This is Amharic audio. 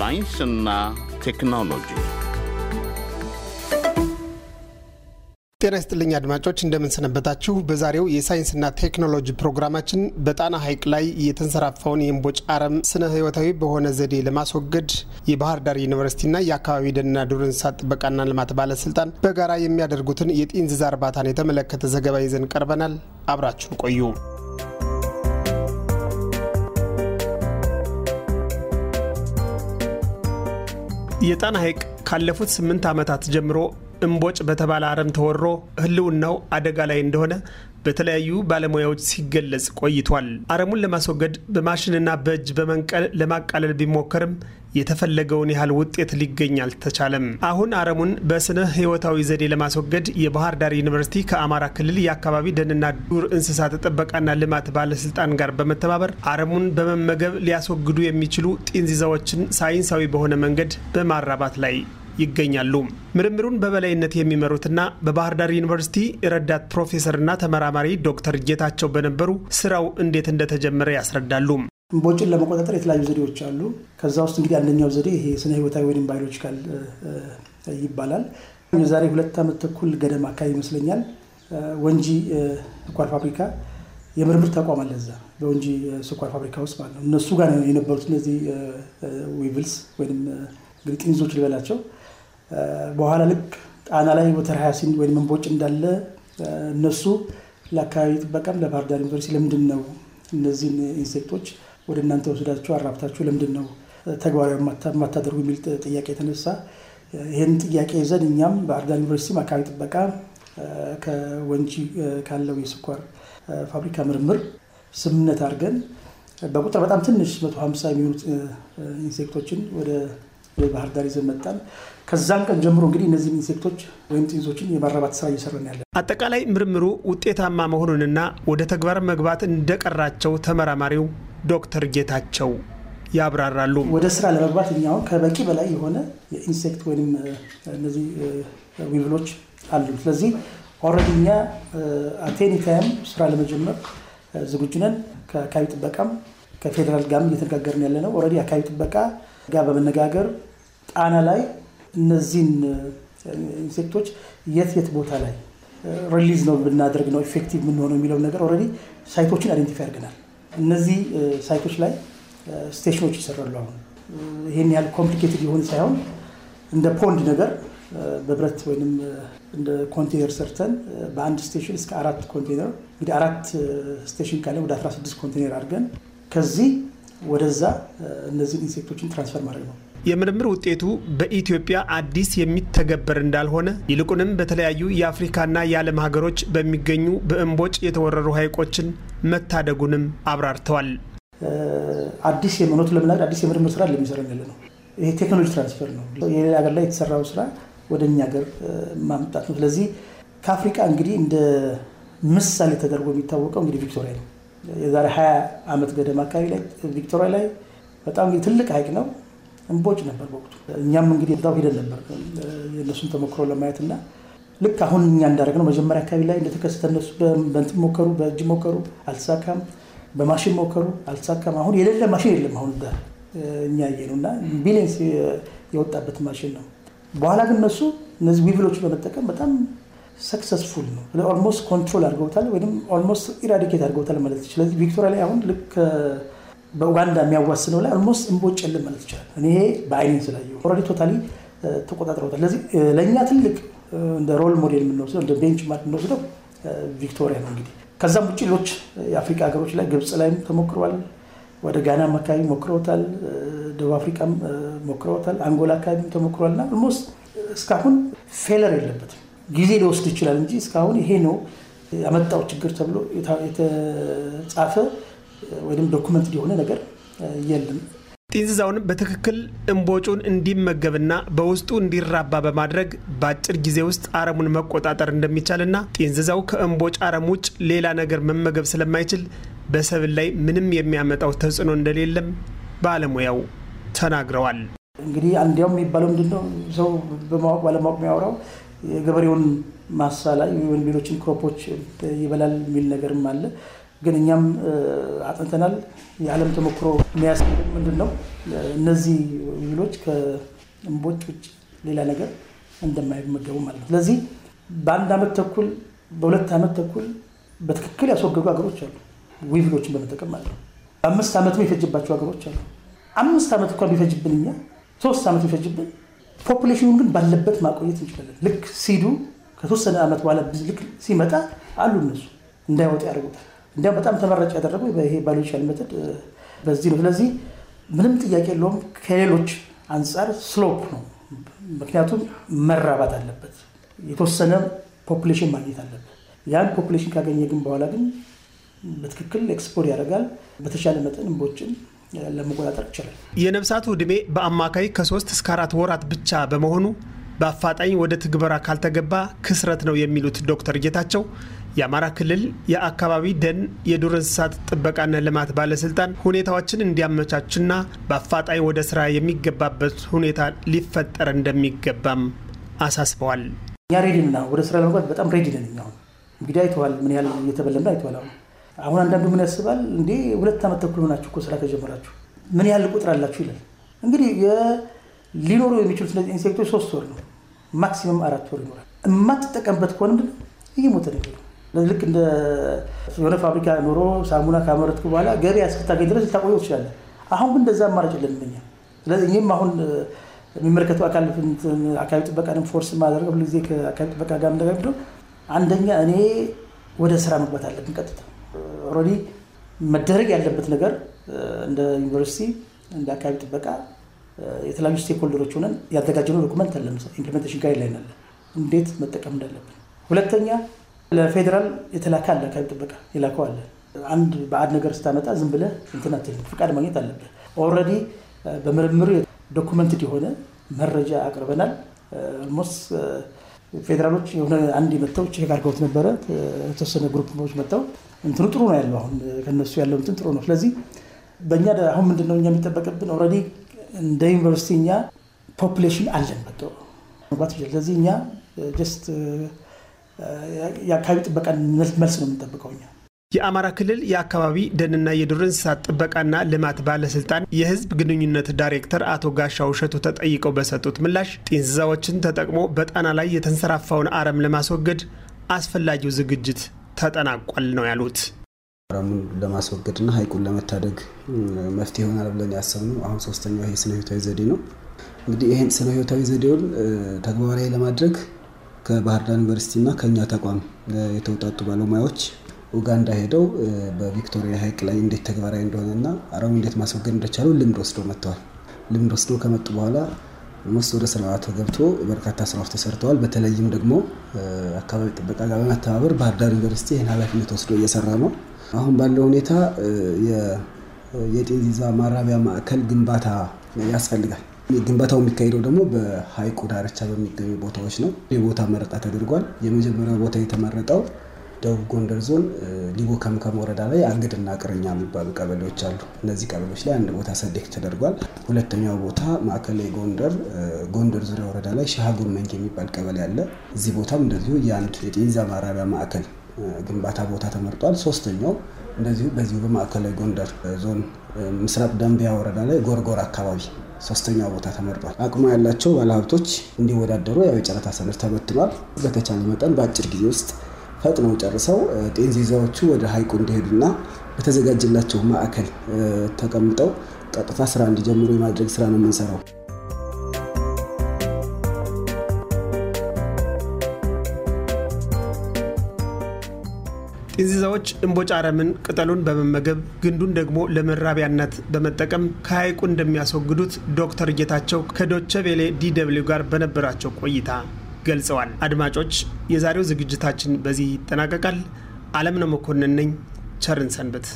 ሳይንስና ቴክኖሎጂ ጤና ይስጥልኝ አድማጮች፣ እንደምንሰነበታችሁ። በዛሬው የሳይንስና ቴክኖሎጂ ፕሮግራማችን በጣና ሐይቅ ላይ የተንሰራፋውን የእምቦጭ አረም ስነ ህይወታዊ በሆነ ዘዴ ለማስወገድ የባህር ዳር ዩኒቨርሲቲና የአካባቢ ደንና ዱር እንስሳት ጥበቃና ልማት ባለስልጣን በጋራ የሚያደርጉትን የጢንዝዛ እርባታን የተመለከተ ዘገባ ይዘን ቀርበናል። አብራችሁን ቆዩ። የጣና ሐይቅ ካለፉት ስምንት ዓመታት ጀምሮ እምቦጭ በተባለ አረም ተወሮ ህልውናው አደጋ ላይ እንደሆነ በተለያዩ ባለሙያዎች ሲገለጽ ቆይቷል። አረሙን ለማስወገድ በማሽንና በእጅ በመንቀል ለማቃለል ቢሞከርም የተፈለገውን ያህል ውጤት ሊገኝ አልተቻለም። አሁን አረሙን በስነ ህይወታዊ ዘዴ ለማስወገድ የባህር ዳር ዩኒቨርሲቲ ከአማራ ክልል የአካባቢ ደንና ዱር እንስሳት ጥበቃና ልማት ባለስልጣን ጋር በመተባበር አረሙን በመመገብ ሊያስወግዱ የሚችሉ ጢንዚዛዎችን ሳይንሳዊ በሆነ መንገድ በማራባት ላይ ይገኛሉ። ምርምሩን በበላይነት የሚመሩትና በባህር ዳር ዩኒቨርሲቲ ረዳት ፕሮፌሰርና ተመራማሪ ዶክተር ጌታቸው በነበሩ ስራው እንዴት እንደተጀመረ ያስረዳሉ። እምቦጭን ለመቆጣጠር የተለያዩ ዘዴዎች አሉ። ከዛ ውስጥ እንግዲህ አንደኛው ዘዴ ይሄ ስነ ህይወታዊ ወይም ባዮሎጂካል ይባላል። የዛሬ ሁለት ዓመት ተኩል ገደማ አካባቢ ይመስለኛል ወንጂ ስኳር ፋብሪካ የምርምር ተቋም አለ እዛ በወንጂ ስኳር ፋብሪካ ውስጥ ማለት ነው። እነሱ ጋር የነበሩት እነዚህ ዊቭልስ ወይም እንግዲህ ልበላቸው በኋላ ልክ ጣና ላይ ወተር ሀያሲን ወይም እንቦጭ እንዳለ እነሱ ለአካባቢ ጥበቃም ለባህር ዳር ዩኒቨርሲቲ ለምንድን ነው እነዚህን ኢንሴክቶች ወደ እናንተ ወስዳችሁ አራብታችሁ ለምንድን ነው ተግባራዊ የማታደርጉ የሚል ጥያቄ የተነሳ ይህን ጥያቄ ይዘን እኛም ባህር ዳር ዩኒቨርሲቲ አካባቢ ጥበቃ ከወንጂ ካለው የስኳር ፋብሪካ ምርምር ስምምነት አድርገን በቁጥር በጣም ትንሽ ሀምሳ የሚሆኑት ኢንሴክቶችን ወደ ባህር ዳር ይዘን መጣን። ቀን ጀምሮ እንግዲህ እነዚህን ኢንሴክቶች ወይም ጥንዞችን የማራባት ስራ እየሰራን ያለ። አጠቃላይ ምርምሩ ውጤታማ መሆኑንና ወደ ተግባር መግባት እንደቀራቸው ተመራማሪው ዶክተር ጌታቸው ያብራራሉ። ወደ ስራ ለመግባት እኛ አሁን ከበቂ በላይ የሆነ የኢንሴክት ወይም እነዚህ ዊብሎች አሉ። ስለዚህ ኦልሬዲ እኛ አቴኒታይም ስራ ለመጀመር ዝግጁ ነን። ከአካባቢ ጥበቃም ከፌዴራል ጋርም እየተነጋገርን ያለ ነው። ኦልሬዲ አካባቢ ጥበቃ ጋር በመነጋገር ጣና ላይ እነዚህን ኢንሴክቶች የት የት ቦታ ላይ ሪሊዝ ነው ብናደርግ ነው ኢፌክቲቭ የምንሆነው የሚለው ነገር ኦልሬዲ ሳይቶችን አይደንቲፋይ አድርገናል። እነዚህ ሳይቶች ላይ ስቴሽኖች ይሰራሉ። አሁን ይህን ያህል ኮምፕሊኬትድ የሆን ሳይሆን እንደ ፖንድ ነገር በብረት ወይም እንደ ኮንቴነር ሰርተን በአንድ ስቴሽን እስከ አራት ኮንቴነር እንግዲህ አራት ስቴሽን ካለ ወደ 16 ኮንቴነር አድርገን ከዚህ ወደዛ እነዚህን ኢንሴክቶችን ትራንስፈር ማድረግ ነው። የምርምር ውጤቱ በኢትዮጵያ አዲስ የሚተገበር እንዳልሆነ ይልቁንም በተለያዩ የአፍሪካና የዓለም ሀገሮች በሚገኙ በእንቦጭ የተወረሩ ሀይቆችን መታደጉንም አብራርተዋል። አዲስ የመኖት ለምናድ አዲስ የምርምር ስራ ለሚሰራ ያለ ነው። ይሄ ቴክኖሎጂ ትራንስፈር ነው። የሌላ ሀገር ላይ የተሰራው ስራ ወደ እኛ ሀገር ማምጣት ነው። ስለዚህ ከአፍሪካ እንግዲህ እንደ ምሳሌ ተደርጎ የሚታወቀው እንግዲህ ቪክቶሪያ ነው። የዛሬ ሀያ ዓመት ገደማ አካባቢ ላይ ቪክቶሪያ ላይ በጣም ትልቅ ሀይቅ ነው እንቦጭ ነበር በወቅቱ። እኛም እንግዲህ እዛው ሄደን ነበር የእነሱን ተሞክሮ ለማየት እና ልክ አሁን እኛ እንዳደረግ ነው መጀመሪያ አካባቢ ላይ እንደተከሰተ እነሱ በእንትን ሞከሩ፣ በእጅ ሞከሩ፣ አልተሳካም። በማሽን ሞከሩ፣ አልተሳካም። አሁን የሌለ ማሽን የለም። አሁን ጋር እኛ ያየ ነው እና ቢሊየንስ የወጣበት ማሽን ነው። በኋላ ግን እነሱ እነዚህ ዊቪሎች በመጠቀም በጣም ሰክሰስፉል ነው። ኦልሞስት ኮንትሮል አድርገውታል ወይም ኦልሞስት ኢራዲኬት አድርገውታል ማለት። ስለዚህ ቪክቶሪያ ላይ አሁን ልክ በኡጋንዳ የሚያዋስነው ላይ አልሞስት እንቦጭ የለም ማለት ይቻላል። እኔ በአይኔን ስላየ ኦልሬዲ ቶታሊ ተቆጣጥረውታል። ለዚህ ለእኛ ትልቅ እንደ ሮል ሞዴል የምንወስደው እንደ ቤንች ማርክ የምንወስደው ቪክቶሪያ ነው እንግዲህ ከዛም ውጭ ሌሎች የአፍሪካ ሀገሮች ላይ ግብፅ ላይም ተሞክሯል። ወደ ጋናም አካባቢ ሞክረውታል። ደቡብ አፍሪካም ሞክረውታል። አንጎላ አካባቢ ተሞክሯል እና ልሞስ እስካሁን ፌለር የለበትም። ጊዜ ሊወስድ ይችላል እንጂ እስካሁን ይሄ ነው ያመጣው ችግር ተብሎ የተጻፈ ወይም ዶኩመንት የሆነ ነገር የለም። ጢንዝዛውን በትክክል እምቦጩን እንዲመገብና በውስጡ እንዲራባ በማድረግ በአጭር ጊዜ ውስጥ አረሙን መቆጣጠር እንደሚቻልና ጢንዝዛው ከእምቦጭ አረም ውጭ ሌላ ነገር መመገብ ስለማይችል በሰብል ላይ ምንም የሚያመጣው ተጽዕኖ እንደሌለም ባለሙያው ተናግረዋል። እንግዲህ እንዲያውም የሚባለው ምንድነው ሰው በማወቅ ባለማወቅ የሚያወራው የገበሬውን ማሳ ላይ ወይም ሌሎችን ክሮፖች ይበላል የሚል ነገርም አለ። ግን እኛም አጥንተናል። የዓለም ተሞክሮ የሚያስፈልግ ምንድን ነው? እነዚህ ውሎች ከእምቦጭ ውጭ ሌላ ነገር እንደማይመገቡ ማለት ነው። ስለዚህ በአንድ ዓመት ተኩል በሁለት ዓመት ተኩል በትክክል ያስወገዱ ሀገሮች አሉ፣ ዊቪሎችን በመጠቀም ማለት ነው። በአምስት ዓመትም የፈጀባቸው ሀገሮች አሉ። አምስት ዓመት እንኳን ቢፈጅብን እኛ ሶስት ዓመት ቢፈጅብን ፖፑሌሽኑን ግን ባለበት ማቆየት እንችላለን። ልክ ሲዱ ከተወሰነ ዓመት በኋላ ልክ ሲመጣ አሉ እነሱ እንዳይወጡ ያደርጉታል። እንዲያውም በጣም ተመራጭ ያደረገው ይሄ ባዮሎጂካል ሜተድ በዚህ ነው። ስለዚህ ምንም ጥያቄ የለውም ከሌሎች አንጻር ስሎፕ ነው። ምክንያቱም መራባት አለበት፣ የተወሰነ ፖፕሌሽን ማግኘት አለበት። ያን ፖፕሌሽን ካገኘ ግን በኋላ ግን በትክክል ኤክስፖር ያደርጋል። በተሻለ መጠን እንቦጭን ለመቆጣጠር ይችላል። የነብሳቱ ዕድሜ በአማካይ ከሶስት እስከ አራት ወራት ብቻ በመሆኑ በአፋጣኝ ወደ ትግበራ ካልተገባ ክስረት ነው የሚሉት ዶክተር ጌታቸው የአማራ ክልል የአካባቢ ደን የዱር እንስሳት ጥበቃና ልማት ባለስልጣን ሁኔታዎችን እንዲያመቻችና በአፋጣኝ ወደ ስራ የሚገባበት ሁኔታ ሊፈጠር እንደሚገባም አሳስበዋል። እኛ ሬዲ ነን፣ ወደ ስራ ለመግባት በጣም ሬዲ ነን። እኛ አሁን እንግዲህ አይተዋል፣ ምን ያህል እየተበለምነ አይተዋል። አሁን አሁን አንዳንዱ ምን ያስባል እንዴ ሁለት ዓመት ተኩል ሆናችሁ እኮ ስራ ከጀመራችሁ ምን ያህል ቁጥር አላችሁ ይላል። እንግዲህ ሊኖሩ የሚችሉት እነዚህ ኢንሴክቶች ሶስት ወር ነው፣ ማክሲመም አራት ወር ይኖራል። የማትጠቀምበት ከሆነ ምንድን ነው እየሞተ ነገር ነው ልክ እንደ የሆነ ፋብሪካ ኑሮ ሳሙና ካመረትኩ በኋላ ገበያ እስክታገኝ ድረስ ልታቆየው ትችላለ። አሁን ግን እንደዛ አማራጭ የለንም እኛ። ስለዚህ እኔም አሁን የሚመለከተው አካል አካባቢ ጥበቃንም ፎርስ ማደርገው ሁልጊዜ ከአካባቢ ጥበቃ ጋር የምንነጋገረው አንደኛ እኔ ወደ ስራ መግባት አለብን። ቀጥታ ኦልሬዲ መደረግ ያለበት ነገር እንደ ዩኒቨርሲቲ እንደ አካባቢ ጥበቃ የተለያዩ ስቴክሆልደሮች ሆነን ያዘጋጀነው ዶኩመንት አለ፣ ኢምፕሊሜንቴሽን ጋይድ ላይ አለ፣ እንዴት መጠቀም እንዳለብን ሁለተኛ ለፌዴራል የተላከ አለ ከብት ጥበቃ የላከው አለ። አንድ በአድ ነገር ስታመጣ ዝም ብለህ እንትን አትልም፣ ፍቃድ ማግኘት አለብህ። ኦልሬዲ በምርምር ዶኩመንትድ የሆነ መረጃ አቅርበናል። ሞስ ፌዴራሎች የሆነ አንድ መጥተው ቼክ አድርገውት ነበረ። የተወሰነ ግሩፖች መጥተው እንትኑ ጥሩ ነው ያለው አሁን ከነሱ ያለው እንትን ጥሩ ነው። ስለዚህ በእኛ አሁን ምንድን ነው እኛ የሚጠበቅብን ኦልሬዲ እንደ ዩኒቨርሲቲ እኛ ፖፕሌሽን አለን መጠ መግባት ይችላል። ስለዚህ እኛ ጀስት የአካባቢ ጥበቃ መልስ ነው የምንጠብቀው እኛ። የአማራ ክልል የአካባቢ ደንና የዱር እንስሳት ጥበቃና ልማት ባለስልጣን የህዝብ ግንኙነት ዳይሬክተር አቶ ጋሻ ውሸቱ ተጠይቀው በሰጡት ምላሽ ጢንዛዎችን ተጠቅሞ በጣና ላይ የተንሰራፋውን አረም ለማስወገድ አስፈላጊው ዝግጅት ተጠናቋል ነው ያሉት። አረሙን ለማስወገድና ሀይቁን ለመታደግ መፍትሄ ይሆናል ብለን ያሰብነው አሁን ሶስተኛው ይሄ ስነ ህይወታዊ ዘዴ ነው። እንግዲህ ይህን ስነ ህይወታዊ ዘዴውን ተግባራዊ ለማድረግ ከባህር ዳር ዩኒቨርሲቲና ከእኛ ተቋም የተውጣጡ ባለሙያዎች ኡጋንዳ ሄደው በቪክቶሪያ ሀይቅ ላይ እንዴት ተግባራዊ እንደሆነና አረሙ እንዴት ማስወገድ እንደቻሉ ልምድ ወስዶ መጥተዋል። ልምድ ወስዶ ከመጡ በኋላ ውስጥ ወደ ስርዓቱ ገብቶ በርካታ ስራዎች ተሰርተዋል። በተለይም ደግሞ አካባቢ ጥበቃ ጋር በመተባበር ባህር ዳር ዩኒቨርሲቲ ይህን ኃላፊነት ወስዶ እየሰራ ነው። አሁን ባለው ሁኔታ የጤዛ ማራቢያ ማዕከል ግንባታ ያስፈልጋል። ግንባታው የሚካሄደው ደግሞ በሀይቁ ዳርቻ በሚገኙ ቦታዎች ነው። የቦታ መረጣ ተደርጓል። የመጀመሪያው ቦታ የተመረጠው ደቡብ ጎንደር ዞን ሊቦ ከምከም ወረዳ ላይ አንግድና ቅርኛ የሚባሉ ቀበሌዎች አሉ። እነዚህ ቀበሌዎች ላይ አንድ ቦታ ሰሌክት ተደርጓል። ሁለተኛው ቦታ ማዕከላዊ ጎንደር ጎንደር ዙሪያ ወረዳ ላይ ሻሃጉር መንግ የሚባል ቀበሌ አለ። እዚህ ቦታም እንደዚሁ የአንድ የጤዛ ማራቢያ ማዕከል ግንባታ ቦታ ተመርጧል። ሶስተኛው እንደዚሁ በዚሁ በማዕከላዊ ጎንደር ዞን ምስራቅ ደንቢያ ወረዳ ላይ ጎርጎር አካባቢ ሶስተኛ ቦታ ተመርጧል። አቅሙ ያላቸው ባለሀብቶች እንዲወዳደሩ ያው የጨረታ ሰነድ ተበትኗል። በተቻለ መጠን በአጭር ጊዜ ውስጥ ፈጥነው ጨርሰው ጤንዚዛዎቹ ወደ ሀይቁ እንዲሄዱና በተዘጋጀላቸው ማዕከል ተቀምጠው ቀጥታ ስራ እንዲጀምሩ የማድረግ ስራ ነው የምንሰራው። እንዚዛዎች እምቦጭ አረምን ቅጠሉን በመመገብ ግንዱን ደግሞ ለመራቢያነት በመጠቀም ከሐይቁ እንደሚያስወግዱት ዶክተር ጌታቸው ከዶቸቬሌ ዲደብሊው ጋር በነበራቸው ቆይታ ገልጸዋል። አድማጮች፣ የዛሬው ዝግጅታችን በዚህ ይጠናቀቃል። አለምነው መኮንን ነኝ። ቸርን ሰንብት።